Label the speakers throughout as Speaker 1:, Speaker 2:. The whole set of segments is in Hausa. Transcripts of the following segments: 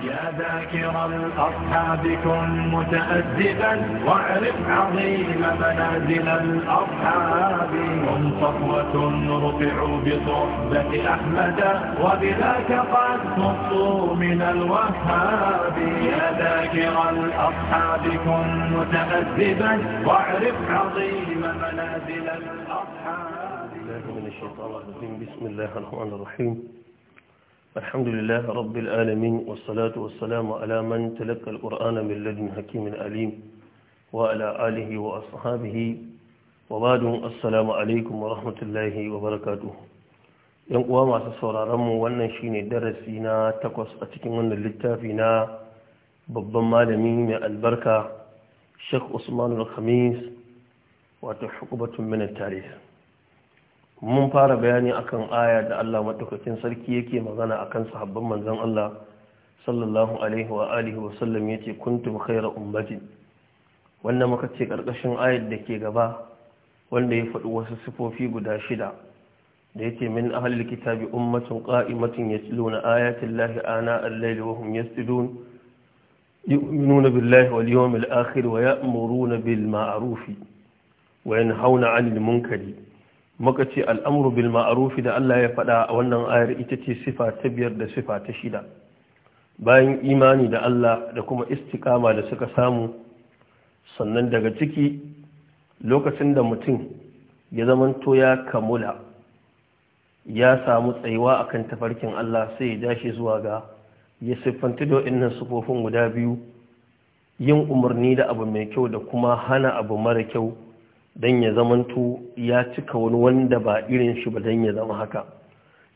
Speaker 1: يا ذاكر الأصحاب كن متأدبا واعرف عظيم منازل الأصحاب هم صفوة رفعوا بصحبة أحمد وبذاك قد نصوا من الوهاب يا ذاكر الأصحاب كن متأدبا واعرف عظيم منازل الأصحاب من الشيطان الرجيم بسم الله الرحمن الرحيم الحمد لله رب العالمين والصلاة والسلام على من تلقى القرآن من لدن حكيم أليم وعلى آله وأصحابه وبعد السلام عليكم ورحمة الله وبركاته yan uwa masu sauraronmu wannan shine darasi na takwas a cikin wannan littafi na babban malami mai albarka sheikh usman al-khamis wato hukubatun minar mun fara bayani akan aya da Allah madaukakin sarki yake magana akan sahabban manzon Allah sallallahu alaihi wa alihi wa sallam yace kuntum khayra ummatin wanda muka ce karkashin ayar da ke gaba wanda ya faɗi wasu sifofi guda shida da yake min ahlil kitabi ummatun qa'imatun yatluna ayati llahi ana al-layli wa hum yasjudun yu'minuna billahi wal yawmil akhir wa ya'muruna bil ma'ruf wa yanhauna 'anil munkari muka ce al'amuru bil ma'arufi da Allah ya faɗa a wannan ayar ita ce sifa ta biyar da sifa ta shida bayan imani da Allah da kuma istikama da suka samu sannan daga ciki lokacin da mutum ya zamanto ya kamula ya samu tsayuwa kan tafarkin Allah sai ya dashi zuwa ga ya siffanti da waɗannan sufofin guda biyu yin umarni da abu mai kyau da kuma hana abu mara kyau don ya zamantu ya cika wani wanda ba irin shi ba don ya zama haka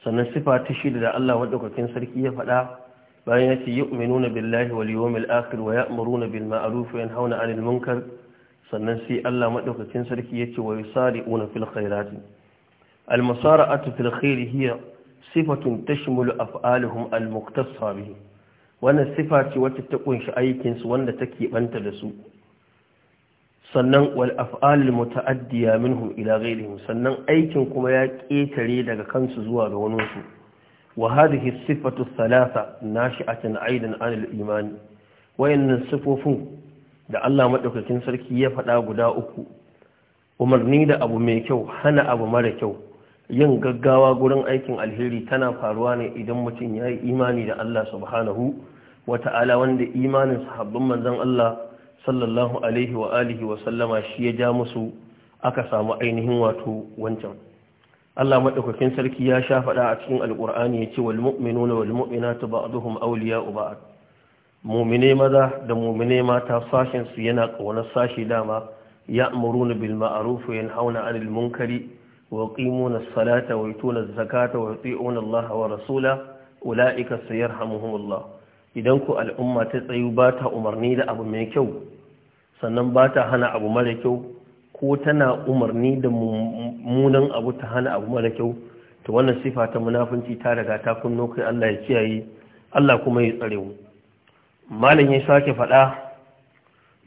Speaker 1: sannan sifa ta shida da Allah maɗaukakin sarki ya faɗa bayan ya ce yu'minuna billahi wal yawmil akhir wa ya'muruna bil ma'ruf wa yanhauna 'anil munkar sannan sai Allah maɗaukakin sarki ya ce wa yusari'una fil khairat al musara'atu fil khair hiya sifatun tashmulu af'aluhum al muktasa bihi wannan sifa ce wacce ta kunshi aikin su wanda take banta da su sannan wal af'al muta'addiya minhu ila ghayrihim sannan aikin kuma ya ƙetare daga kansu zuwa ga wani su wa hadhihi sifatu thalatha nashi'atan aidan an al-iman wayannan sifofin da Allah madaukakin sarki ya faɗa guda uku umarni da abu mai kyau hana abu mara kyau yin gaggawa gurin aikin alheri tana faruwa ne idan mutum ya yi imani da Allah subhanahu wata'ala wanda imanin sahabban manzon Allah sallallahu alaihi wa alihi wa sallama shi ya ja musu aka samu ainihin wato wancan Allah madaukakin sarki ya sha faɗa a cikin alkur'ani yace wal mu'minuna wal mu'minatu ba'duhum awliya'u ba'd mu'mine maza da mu'mine mata sashin su yana kaunar sashi dama ya'muruna bil ma'ruf wa yanhauna 'anil munkari wa yuqimuna as-salata wa yutuna az-zakata wa yuti'una Allah wa rasula ulaika sayarhamuhumullah idan ku al'umma ta tsayu ba ta umarni da abu mai kyau sannan ba ta hana abu mara kyau ko tana umarni da munan abu ta hana abu mara kyau to wannan sifa ta munafunci ta daga ta kunno kai Allah ya kiyaye Allah kuma ya tsare mu malam ya sake faɗa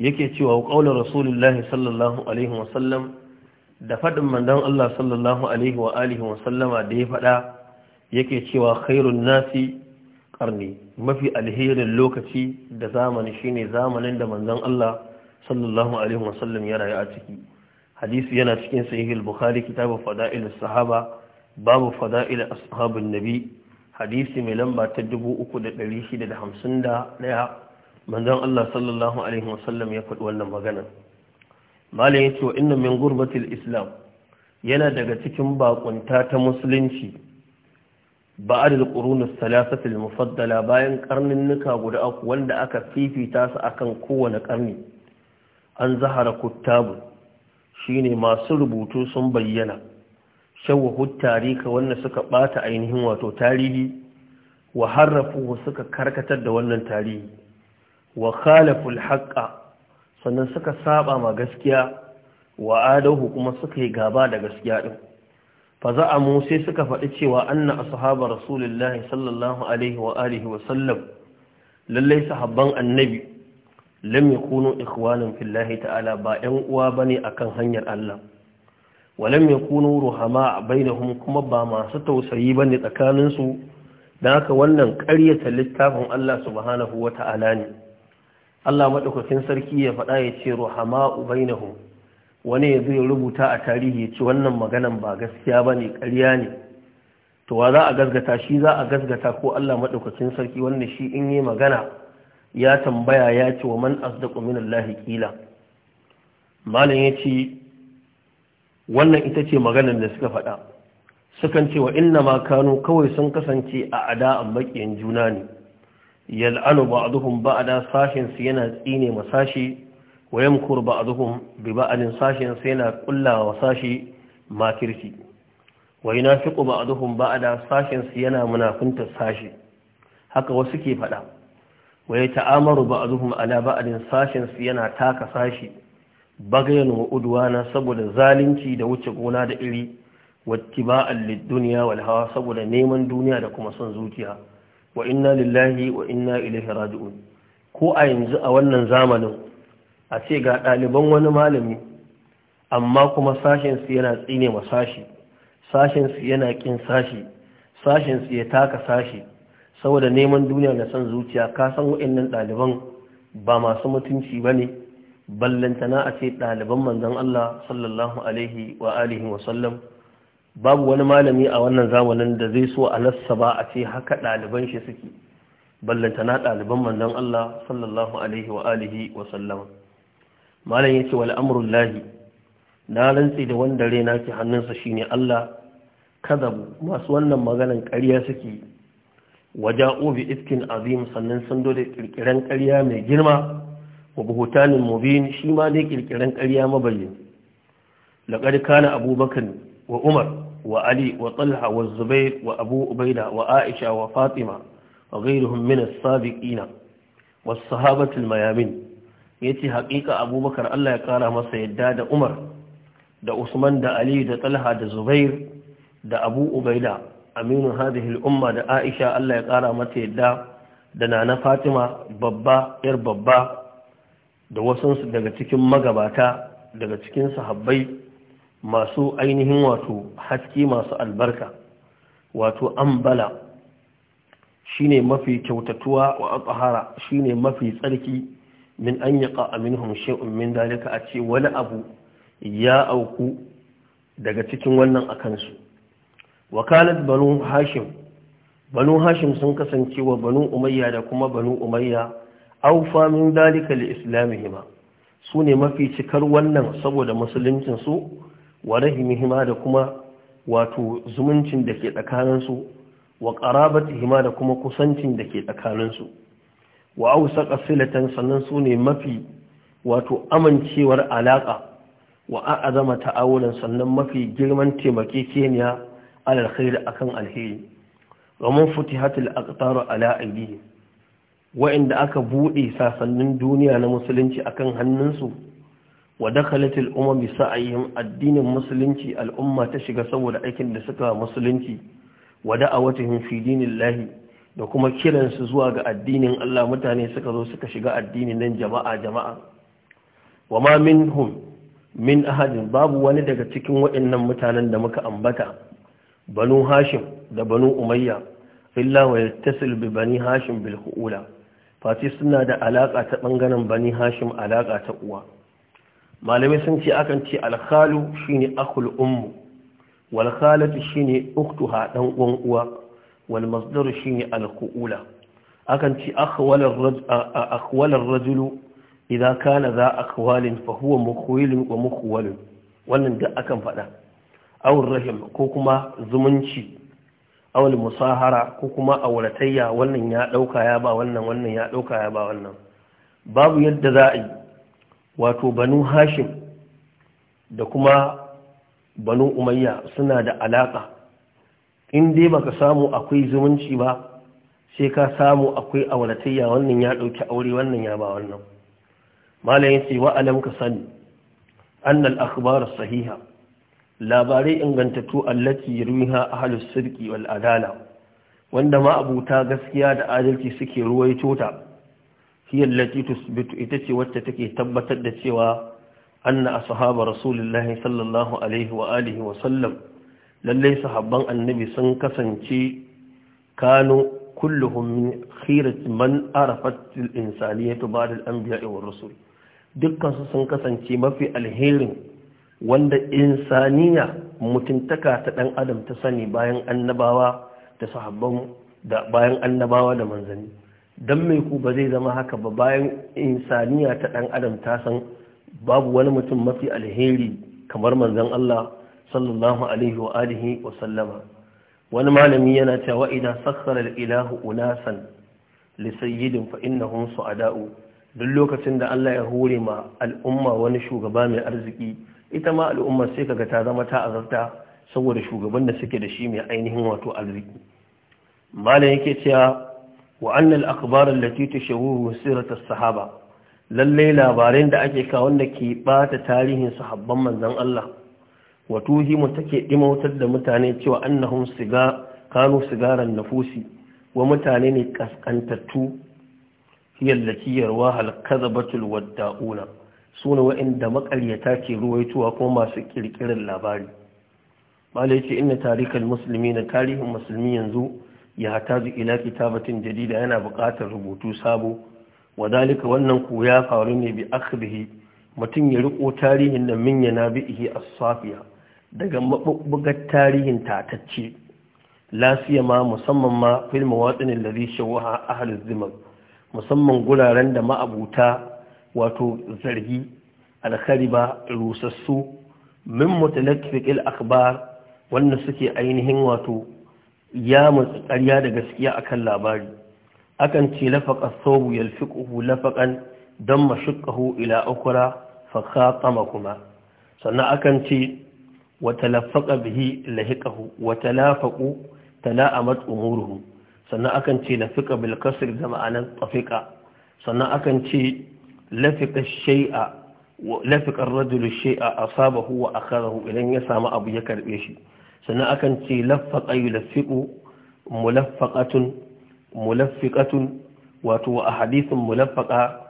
Speaker 1: yake cewa qaulur rasulullahi sallallahu alaihi wa sallam da faɗin mandan Allah sallallahu alaihi wa alihi wa sallama da ya faɗa yake cewa khairun nasi ne mafi alherin lokaci da zamani shine zamanin da manzon Allah sallallahu alaihi wasallam ya rayu a ciki hadisi yana cikin sahihul Buhari, bukhari kitabu fada'il as-sahaba babu fada'il ashabin nabi hadisi mai lamba ta 3651 manzon Allah sallallahu alaihi wasallam ya faɗi wannan magana malai yace wa inna min islam yana daga cikin bakunta ta musulunci ba'ad al-qurun as al-mufaddala bayan karnin nuka guda uku wanda aka fifita su akan kowane karni an zahara kuttabu shine masu rubutu sun bayyana shawahut tarika wanda suka bata ainihin wato tarihi wa harrafuhu suka karkatar da wannan tarihi wa khalaful haqqa sannan suka saba ma gaskiya wa adahu kuma suka yi gaba da gaskiya din faza'amu sai suka faɗi cewa anna ashabu rasulullahi sallallahu alaihi wa alihi wa sallam lalle sahabban annabi lam yakunu ikhwanan fillahi ta'ala ba 'yan uwa bane akan hanyar Allah wa lam yakunu ruhama bainahum kuma ba masu tausayi bane tsakanin su dan haka wannan ƙaryata littafin Allah subhanahu ta'ala ne Allah madaukakin sarki ya faɗa ya ce ruhama bainahum wani ya zai rubuta a tarihi ya ci wannan maganan ba gaskiya ba ne ƙarya ne to wa za a gasgata shi za a gasgata ko Allah maɗaukacin sarki wanda shi in yi magana ya tambaya ya ce wa man asdaqu min Allah qila malam yace wannan ita ce maganar da suka faɗa sukan ce wa inna ma kanu kawai sun kasance a ada a maƙiyan juna ne yal'anu ba'duhum ba'da sashin su yana tsine masashi wa yamkur ba'dhum bi ba'alin sashen sai na kulla wa sashi makirci wa yunafiqu ba'dhum ba'ada sashen su yana munafinta sashi haka wasu ke fada wa yata'amaru ba'dhum ala ba'alin sashin su yana taka sashi bagayen wa udwana saboda zalunci da wuce gona da iri wattiba'an lid-dunya wal hawa saboda neman duniya da kuma son zuciya wa inna lillahi wa inna ilaihi raji'un ko a yanzu a wannan zamanin a ce ga ɗaliban wani malami amma kuma sashensu yana tsine ma sashi sashensu yana ƙin sashi sashensu ya taka sashi saboda neman duniya da son zuciya ka san waɗannan ɗaliban ba masu mutunci ba ne ballantana a ce ɗaliban manzan Allah sallallahu alaihi wa alihi wa sallam babu wani malami a wannan zamanin da zai so a lassa ba a ce haka ɗaliban shi suke ballantana ɗaliban manzan Allah sallallahu alaihi wa alihi wa sallam malam yace wal amrul lahi na rantsi da wanda rena ke hannunsa shine Allah kadabu masu wannan maganan ƙarya suke Waja Ubi iskin azim sannan sun da kirkiran ƙarya mai girma wa buhutanin mubin shi ma dai kirkiran ƙarya mabayyin laqad kana abubakar wa umar wa ali wa talha wa zubair wa abu ubaida wa aisha wa fatima wa ghayruhum min as-sabiqina was sahabatul mayamin ya ce haƙiƙa abubakar Allah ya ƙara masa yadda da umar da usman da ali da talha da zubair da abu ubaida aminu hadihil umma da aisha Allah ya ƙara mata yadda da nana fatima babba yar babba da wasansu daga cikin magabata daga cikin sahabbai masu ainihin wato haske masu albarka wato ambala shine mafi kyautatuwa wa tsahara shine mafi tsarki min an yaqa minhum shay'un min dalika a ce wani abu ya auku daga cikin wannan a kansu. wakalat banu hashim banu hashim sun kasance wa banu umayya da kuma banu umayya aufa min dalika li islamihima su ne mafi cikar wannan saboda musuluncin su wa rahimihima da kuma wato zumuncin da ke tsakaninsu wa ƙarabatihima da kuma kusancin da ke tsakaninsu wa ausaka silatan sannan su ne mafi wato amincewar alaƙa wa a'azama ta'awulan sannan mafi girman taimakekeniya alal khair akan alheri wa futihatul aqtar ala aidihim wa'inda aka buɗe sasannin duniya na musulunci akan hannunsu wa dakhalatul umam bi sa'ihim addinin musulunci al'umma ta shiga saboda aikin da suka musulunci wa da'awatihim fi dinillahi da kuma kiransu zuwa ga addinin Allah mutane suka zo suka shiga addinin nan jama'a jama'a wa ma minhum min ahadin babu wani daga cikin waɗannan mutanen da muka ambata banu hashim da banu umayya illa wa yattasil bi bani hashim bil huula fati suna da alaka ta bangaren bani hashim alaka ta uwa malamai sun ce akan ce alkhalu shine akhul ummu wal khalatu shine ukhtuha dan uwan uwa Wani masdar shine al-qu'ula akan ci akhwal ar-rajul idza kana za akhwalin fa huwa mukhwilun wa mukhwalun wannan da akan fada aw rahim ko kuma zumunci aw musahara ko kuma auratayya wannan ya dauka ya ba wannan wannan ya dauka ya ba wannan babu yadda za a yi wato banu hashim da kuma banu umayya suna da alaka in dai baka samu akwai zumunci ba sai ka samu akwai auratayya wannan ya ɗauki aure wannan ya ba wannan malam yace wa'alam ka sani anna al akhbar sahiha labarai ingantattu allati ruwiha ahlus sidqi wal adala wanda ma gaskiya da adalci suke ruwaito ta hiya ita ce wacce take tabbatar da cewa anna ashabu rasulullahi sallallahu alaihi wa alihi wa lallai sahabban annabi sun kasance kanu kulluhum min khirat man arafat al-insaniyatu ba'da al-anbiya'i war rusul dukkan su sun kasance mafi alherin wanda insaniya mutuntaka ta dan adam ta sani bayan annabawa da sahabban da bayan annabawa da manzanni dan mai ku ba zai zama haka ba bayan insaniya ta dan adam ta san babu wani mutum mafi alheri kamar manzon Allah sallallahu alaihi wa alihi wa sallama wani malami yana cewa idan sakhara ilahu unasan li sayyidin fa innahum duk lokacin da Allah ya hore ma al'umma wani shugaba mai arziki ita ma al'umma sai kaga ta zama ta azarta saboda shugaban da suke da shi mai ainihin wato arziki malam yake cewa wa annal akhbar allati tashawuru sirat as-sahaba lalle labarin da ake kawo wanda ke bata tarihin sahabban manzon Allah watuhi mu take dimautar da mutane cewa annahum siga kanu sigaran nafusi wa mutane ne kaskantattu yallaci yarwa hal kadhabatul wadda'una sune wa'inda makaryata ke ruwaituwa kuma masu kirkirar labari malai ce inna tarikal musulmi na tarihin musulmi yanzu ya hatazu ila kitabatin jadida yana buƙatar rubutu sabo wadalika wannan ku ya faru ne bi akhdihi mutum ya riko tarihin da minya yana bihi as-safiya daga maɓuɓɓugar tarihin tatacce lafiya ma musamman ma fil watsinin da zai shawaha ahalin zimar musamman guraren da ma'abuta wato zargi alkhariba rusassu min mutalakfiqil akhbar wanda suke ainihin wato ya mutsi ƙarya da gaskiya akan labari akan ce sobu ya don lafaqan damma shuqqahu ila ukura fa kuma sannan akan ce watalaffaka bihi lahiqahu watalafaqu tala'amat umuruhu sannan akan ce lafiqa bil kasr da ma'anan tafiqa sannan akan ce lafiqa shay'a lafiqa ar-rajulu shay'a asabahu wa akhadahu idan ya samu abu ya karbe shi sannan akan ce laffaqa yulaffiqu mulaffaqatun mulaffiqatun wato a hadithun mulaffaqa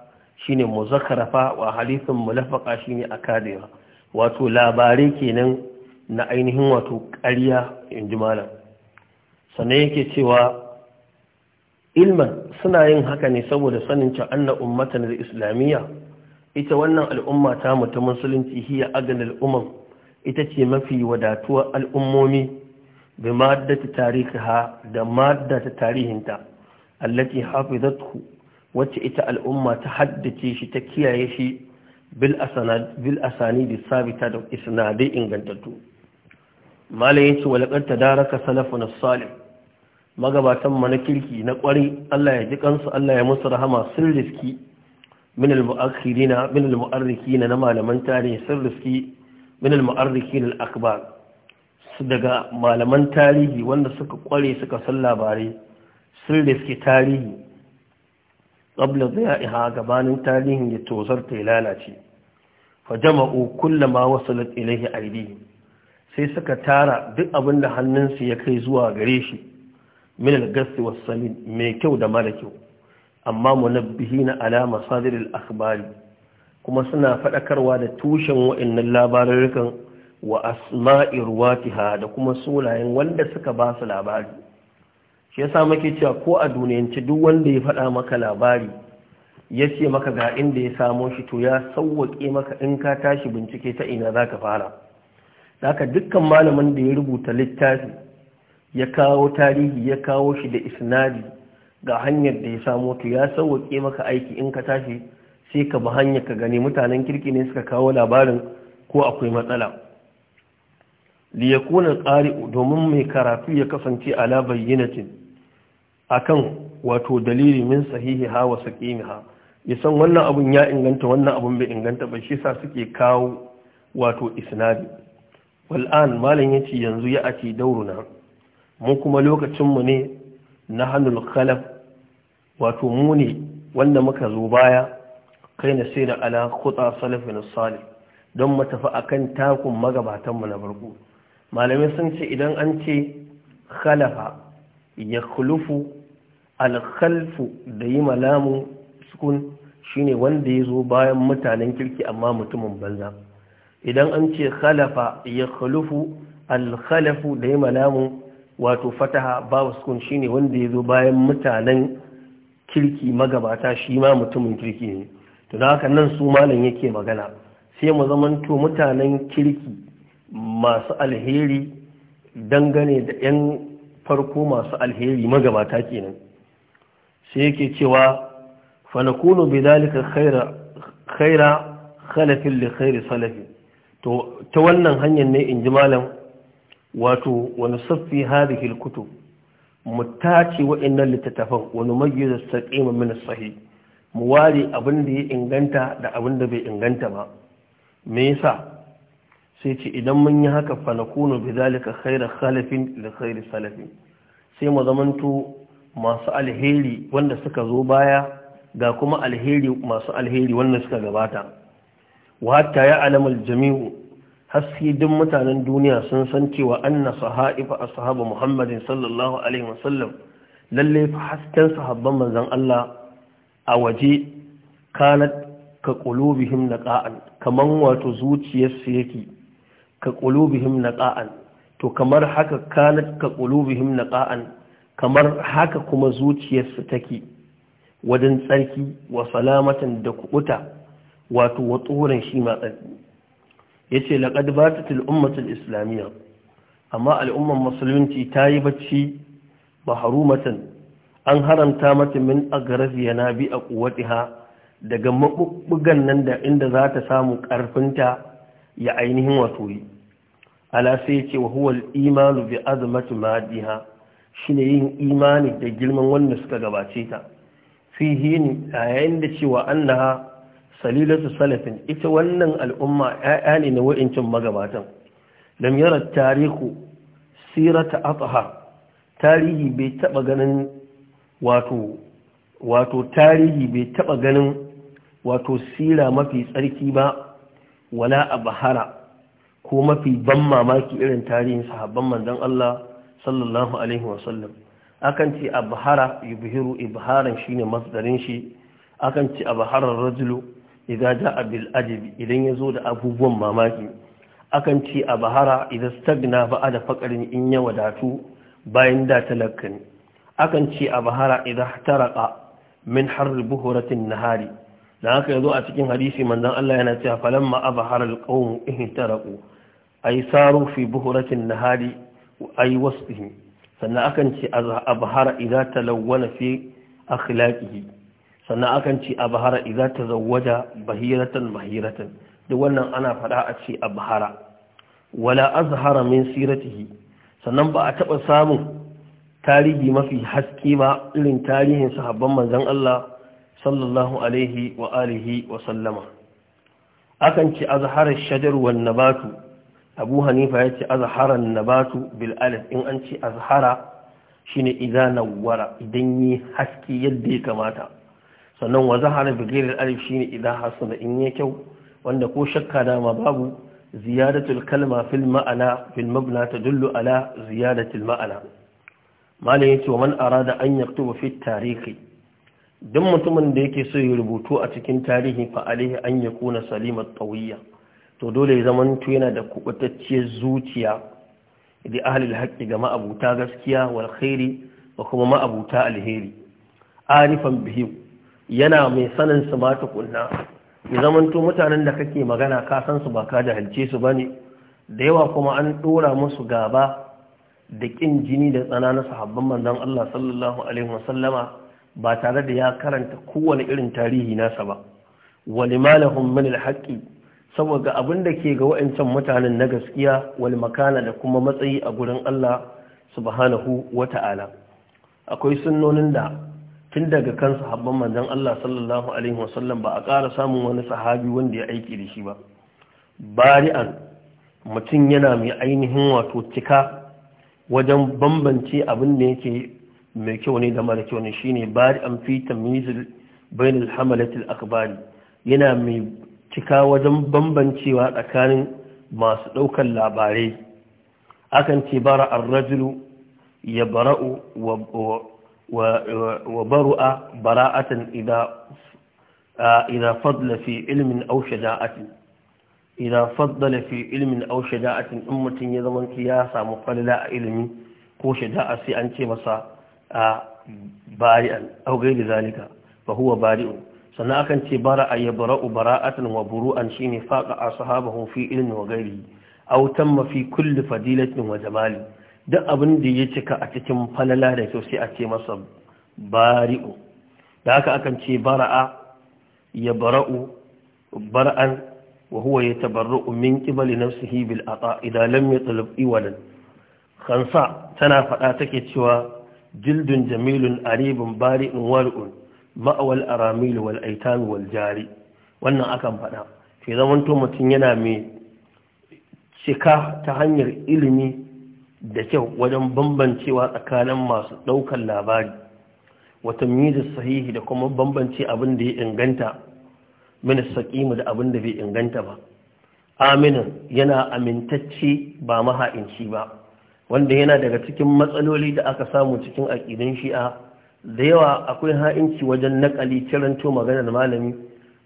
Speaker 1: shine muzakkarafa wa hadithun mulaffaqa shine akadira wato labarai kenan na ainihin wato ƙarya in ji malam sannan yake cewa ilman suna yin haka ne saboda sanin cewa anna ummatan da islamiyya ita wannan al'umma ta mu ta musulunci hiya agan al'umman ita ce mafi wadatuwar al'ummomi bi maddata tarihiha da maddata tarihinta allati hafizatku wacce ita al'umma ta haddace shi ta kiyaye shi bil asani da sabita da isnadai ingantattu malai yace walaqad ta salafun salaf salih magabatan mana na kirki na kwari Allah ya ji kansu Allah ya musu rahama sun riski min al-mu'akhirina min al-mu'arrikina na malaman tarihi sun riski min al-mu'arrikina al-akbar daga malaman tarihi wanda suka kware suka san labarai sun riski tarihi qabla dhaya'iha gabanin tarihin ya tozar ya lalace fa jama'u kullama wasalat ilayhi aydihim sai suka tara duk abin da hannunsu ya kai zuwa gare shi min al-gasti was mai kyau da mara kyau amma munabbihina na masadir al-akhbari kuma suna faɗakarwa da tushen wa'annan labarurukan wa asma'i ruwatiha da kuma sunayen wanda suka ba su labari shi yasa muke cewa ko a duniyance duk wanda ya faɗa maka labari ya ce maka ga inda ya samo shi to ya sauwaƙe maka in ka tashi bincike ta ina za ka fara haka dukkan malamin da ya rubuta littafi ya kawo tarihi ya kawo shi da isnadi ga hanyar da ya samo to ya sauwaƙe maka aiki in ka tashi sai ka bi hanyar ka gani mutanen kirki ne suka kawo labarin ko akwai matsala liyakunan kare domin mai karatu ya kasance ala bayyanatin akan wato dalili min sahihi ha wa ha ya san wannan abun ya inganta wannan abun bai inganta ba shi sa suke kawo wato isnadi wal'an malam ya ce yanzu ya ake dauruna mu kuma lokacinmu ne na hannun kalaf wato mu ne wanda muka zo baya kai na sai da ala kuta salafin salih don mu tafi akan takun magabatanmu na farko malamai sun ce idan an ce khalafa ya khulufu alkhalfu da yi malamu sukun shine wanda ya zo bayan mutanen kirki amma mutumin banza idan an ce khalafa ya khalufu alkhalafu da ya malamu wato fataha babu sukun shine wanda ya zo bayan mutanen kirki magabata shi ma mutumin kirki ne to da haka nan su malam yake magana sai mu zamanto mutanen kirki masu alheri dangane da 'yan farko masu alheri magabata kenan sai yake cewa fanakuno bi dalika khaira khaira khalafin li khairi salafin to ta wannan hanyar ne in ji malam wato wani saffi hadhihi alkutub mu tace wa'annan littattafan wani mayyiza saqima min sahi mu ware abin da ya inganta da abin da bai inganta ba me yasa sai ce idan mun yi haka fa nakunu bidhalika khayra khalifin li khayri salafin sai mu zamanto masu alheri wanda suka zo baya ga kuma alheri masu alheri wanda suka gabata wata ya alamar jami'u haske duk mutanen duniya sun san cewa anna sahaifa sahaba muhammadin sallallahu alaihi wasallam lalle hasken sahabban manzan Allah a waje kanat ka qulubihim naqa'an kaman wato zuciyarsu yake ka qulubihim naqa'an to kamar haka kanat ka qulubihim naqa'an kamar haka kuma zuciyarsu take wajen tsarki wa salamatan da kuɓuta wato wa tsoron shi matsatsi ya ce laƙad ba ta tilummatul islamiyya amma al'umman musulunci ta yi bacci ba harumatan an haramta mata min a garaziya na bi a kuwatiha daga maɓuɓɓugan nan da inda za ta samu ƙarfinta ya ainihin wato yi ala sai ce wa huwal imanu bi azmatu madiha shine yin imani da girman wanda suka gabace ta fihi ne yayin da cewa annaha salilatu salafin ita wannan al'umma ‘ya'ya ne na wa'incin magabatan lam yara tariku sirata ataha tarihi bai taɓa ganin wato wato tarihi bai taɓa ganin wato sira mafi tsarki ba wala a bahara ko mafi ban mamaki irin tarihin sahabban manzon Allah sallallahu alaihi wasallam akan ce abhara yubhiru ibharan shine masdarin shi akan ce baharar rajulu idza jaa bil ajabi idan yazo da abubuwan mamaki akan ce a bahara idza stagna ba da faqarin in ya wadatu bayan da talakkani akan ce a bahara idza taraka min har buhuratin nahari dan haka yazo a cikin hadisi manzon Allah yana cewa falamma abahara al qawm ihtaraku ay saru fi buhuratin nahari ay wasbihi sannan akan ce a bahara idza talawwana fi akhlaqihi sannan akan ce iza ta zawaja bahiratan bahiratan duk wannan ana fada a ce bahara wala azhara min siratihi sannan ba a taba samun tarihi mafi haske ba irin tarihin sahabban manzon Allah sallallahu alaihi wa alihi wa sallama akan ce azhara shajar wan nabatu abu hanifa ya ce azharan nabatu bil alif in an ce azhara shine idza nawwara idan yi haske yadda ya kamata sannan wa zahara bigirar alif shine idan Hassana in ya kyau wanda ko shakka dama babu ziyadatul kalma fil ma'ana fil mabna tadullu ala ziyadatul ma'ana malam yace wa man arada an yaktuba mafi tarihi duk mutumin da yake so ya rubutu a cikin tarihi fa alaihi an kuna salimat tawiyya to dole ya zama to yana da kubutacciyar zuciya da ahlul haƙƙi ga ma'abuta gaskiya wal khairi kuma ma'abuta alheri arifan bihi yana mai sanin su ba tukunna ya zamanto mutanen da kake magana ka san su ba ka da su bane da yawa kuma an dora musu gaba da kin jini da tsana na sahabban manzon Allah sallallahu alaihi wasallama ba tare da ya karanta kowane irin tarihi nasa ba wal malahum min al haqqi saboda abin da ke ga wa'ancan mutanen na gaskiya wal makana da kuma matsayi a gurin Allah subhanahu wata'ala akwai sunnonin da tun daga kan sahabban manzon Allah sallallahu alaihi wasallam ba a ƙara samun wani sahabi wanda ya aiki da shi ba bari'an mutum yana mai ainihin wato cika wajen bambance abin da yake mai kyau ne da mara kyau ne shine bari'an fi tamyizil bainal hamalatil akbari yana mai cika wajen bambancewa tsakanin masu ɗaukar labarai akan ce bara ar-rajulu ya wa baru'a bara'atan idza fadla fi ilmin aw ilmin aw shaja'atin in mutun ya zaman ya samu falala a ilimi ko shaja'a sai an ce masa a bari'an aw gairi zalika fa huwa bari'un sannan akan ce bara'a ya bara'u bara'atan wa buru'an shine faqa ashabahu fi ilmin wa gairi aw tamma fi kulli fadilatin wa jamali duk abin da ya cika a cikin falala da kyau sai a ce masa bari'u da haka akan ce bara'a ya bara'u bara'an wa huwa ya tabarra'u min qibali nafsihi bil ata idan lam yatlub iwalan khansa tana faɗa take cewa jildun jamilun aribun bari'un wal'un ma'awal aramil wal aitam wal jari wannan akan faɗa? sai zaman mutum yana mai cika ta hanyar ilimi da kyau wajen bambancewa tsakanin masu ɗaukar labari wata mizis sahihi da kuma bambance abin da ya inganta mini saƙimu da abin da bai inganta ba aminin yana amintacce ba maha'inci ba wanda yana daga cikin matsaloli da aka samu cikin aƙidin shi'a da yawa akwai ha'inci wajen naƙali ciranto maganar malami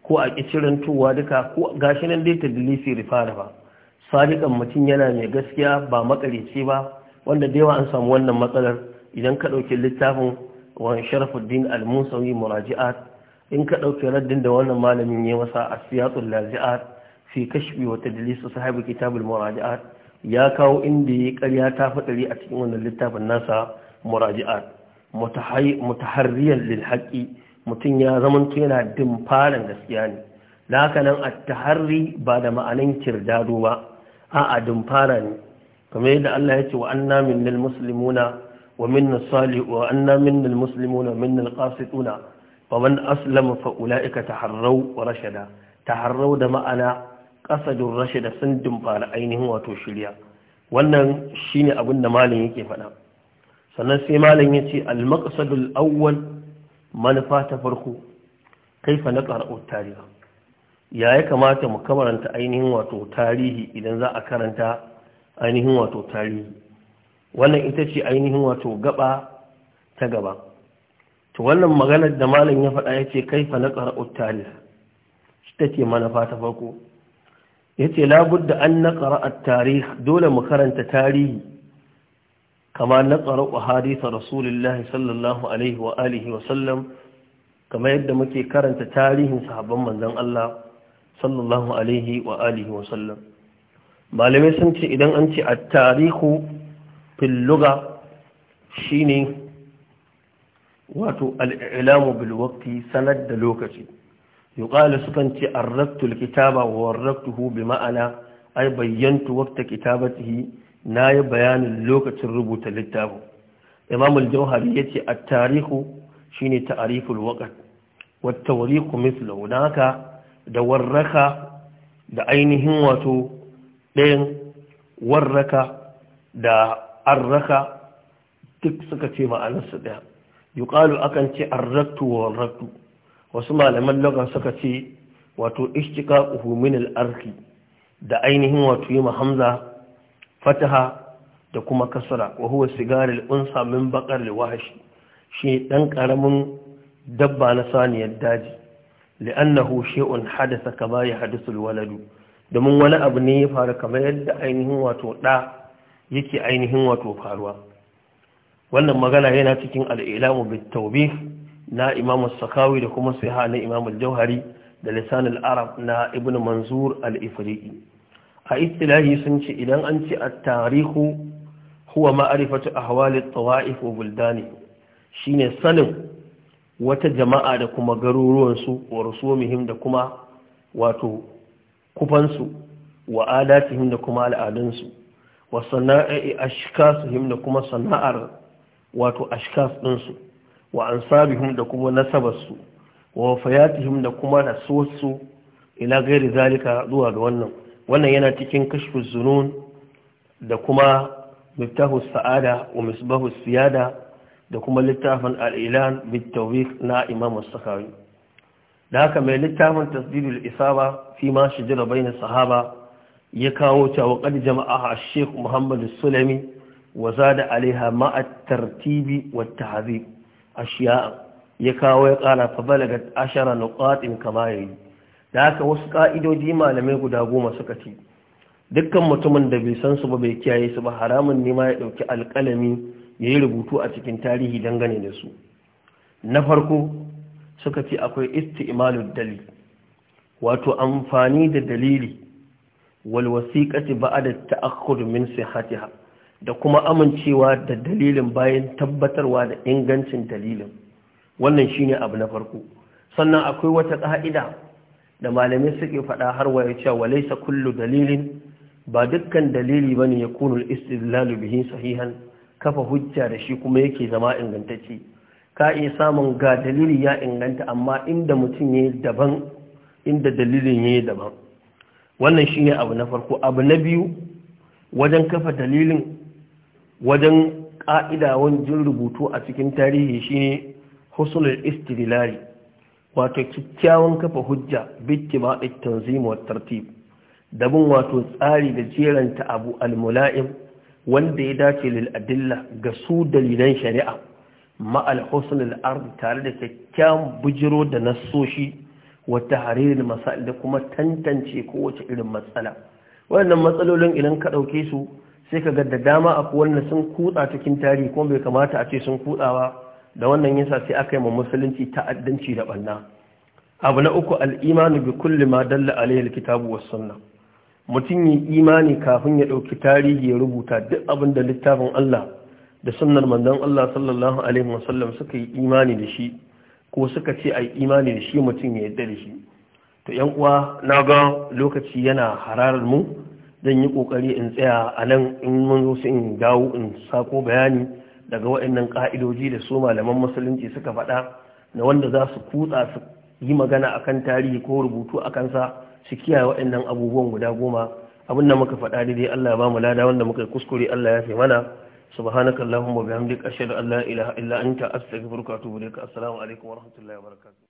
Speaker 1: ko a ƙi cirantowa duka ko gashi nan dai ta dalisi rifa da ba sadiƙan mutum yana mai gaskiya ba makarici ba wanda da yawa an samu wannan matsalar idan ka ɗauki littafin wa sharafuddin al-musawi muraji'at in ka ɗauki raddin da wannan malamin ya masa a siyatul lazi'at fi kashfi wa tadlis sahibi kitabul muraji'at ya kawo inda ya ƙarya ta fadari a cikin wannan littafin nasa muraji'at mutaharriyar lilhaƙi mutum ya zamanto yana dimfaran gaskiya ne da haka nan at-taharri ba da ma'anan kirdado ba a'a dumfara ne kamar yadda Allah ya ce wa anna minnal muslimuna wa minna salihu wa anna minnal muslimuna wa minnal qasituna fa man aslama fa ulaika taharraw wa rashada taharraw da ma'ana qasadun rashada sun dumfara ainihin wato shirya wannan shine abin da malam yake faɗa sannan sai malam yace al maqsadul awwal manufa ta farko kaifa naqra'u tarihi ya ya kamata mu kamaranta ainihin wato tarihi idan za a karanta ainihin wato tarihi wannan ita ce ainihin wato gaba ta gaba to wannan maganar da malam ya faɗa ya ce kaifa na ƙara'ut tarih shi ke manafa ta farko ya ce labudda an na a tarih dole mu karanta tarihi kama na a hadisa rasulullahi sallallahu alaihi wa alihi wa sallam kamar yadda muke karanta tarihin sahabban manzon Allah sallallahu alaihi wa alihi wa sallam malamai sun ce idan an ce a tarihu filluga ne wato al'ilamu bilwakti sanar da lokaci yuƙali sukan ce arraktul kitaba wa arraktuhu bi ma'ana ai bayyantu wakta kitabatihi na yi bayanin lokacin rubuta littafin imamul jauhari ya ce a tarihu shine ta'ariful waƙat wata wariku mislau don haka da warraka da ainihin wato ɗayan warraka da arraka duk suka ce ma'anarsu ɗaya yuƙalu akan ce arraktu wa warraktu wasu malaman laga suka ce wato ishtiƙa min al'arki da ainihin wato yi hamza fataha da kuma kasara wa huwa sigaril unsa min baƙar wahashi shi ɗan ƙaramin dabba na saniyar daji li'annahu shay'un hadatha kama yahdathu alwaladu domin wani abu ne ya faru kamar yadda ainihin wato ɗa yake ainihin wato faruwa wannan magana yana cikin al'ilamu bittaubi na imamu sakawi da kuma siha na imam jauhari da lisan arab na ibn manzur al-ifriqi a istilahi sun ce idan an ce a tarihu huwa ma'arifatu ahwali at-tawa'if wa buldani shine sanin wata jama'a da kuma garuruwansu wa rusumihim da kuma wato kufansu wa adatihim da kuma al'adunsu wa sana'i ashkasuhim da kuma sana'ar wato ashkas ɗinsu wa ansabihim da kuma nasabarsu wa wafayatihim da kuma rasuwarsu ila gairi zalika zuwa ga wannan wannan yana cikin kashfu zunun da kuma miftahu sa'ada wa misbahu siyada da kuma littafin al'ilan bitawik na imam sakari da haka mai littafin tasbirul isaba fi ma shi jira bai sahaba ya kawo cewa jama'a a sheikh muhammad sulami wa zada alaiha ma'a tartibi wa a ashiya ya kawo ya kara fa balagat ashara nuqatin kama yayi da haka wasu ka'idoji malamai guda goma suka ci. dukkan mutumin da bai san su ba bai kiyaye su ba haramun ne ma ya dauki alƙalami ya yi rubutu a cikin tarihi dangane da su na farko suka ce akwai isti'malud dalil wato amfani da dalili wal wasiqati ba'da ta'akhkhud min sihhatiha da kuma amincewa da dalilin bayan tabbatarwa da ingancin dalilin wannan shine abu na farko sannan akwai wata ka'ida da malamai suke faɗa har waye cewa walaysa kullu dalilin ba dukkan dalili bane ya kunul istidlalu bihi sahihan kafa hujja da shi kuma yake zama ingantacce ka iya samun ga dalili ya inganta amma inda mutum ya daban inda dalilin ya daban wannan shine abu na farko abu na biyu wajen kafa dalilin wajen ƙa'ida wajen rubutu a cikin tarihi shine husulul istilari wato kyakkyawan kafa hujja bitti ba'id tanzim wa tartib dabin wato tsari da jeranta abu al-mula'im wanda ya dace lil ga su dalilan shari'a ma'al al ard tare da kyakkyawan bujiro da nasoshi wata tahrir masail da kuma tantance kowace irin matsala wannan matsalolin idan ka dauke su sai ka ga da dama akwai wannan sun kutsa cikin tarihi kuma bai kamata a ce sun kutsawa da wannan yasa sai aka yi ma musulunci ta'addanci da banna abu na uku al-imanu bi kulli ma dalla alayhi kitabu was sunnah mutum yi imani kafin ya ɗauki tarihi ya rubuta duk abin da littafin Allah da sunnar manzon Allah sallallahu alaihi wasallam suka yi imani da shi ko suka ce yi imani da shi mutum ya yadda da shi to yan uwa na ga lokaci yana hararar mu zan yi ƙoƙari in tsaya a nan in mun zo su in dawo in sako bayani daga waɗannan ƙa'idoji da su malaman musulunci suka faɗa na wanda za su kutsa su yi magana akan tarihi ko rubutu akan sa su kiyaye waɗannan abubuwan guda goma abin da muka faɗa daidai Allah ya ba mu lada wanda muka yi kuskure Allah ya fi mana subhanaka allahumma bihamdika ashhadu an la ilaha illa anta astaghfiruka wa atubu ilaik assalamu alaikum wa rahmatullahi wa barakatuh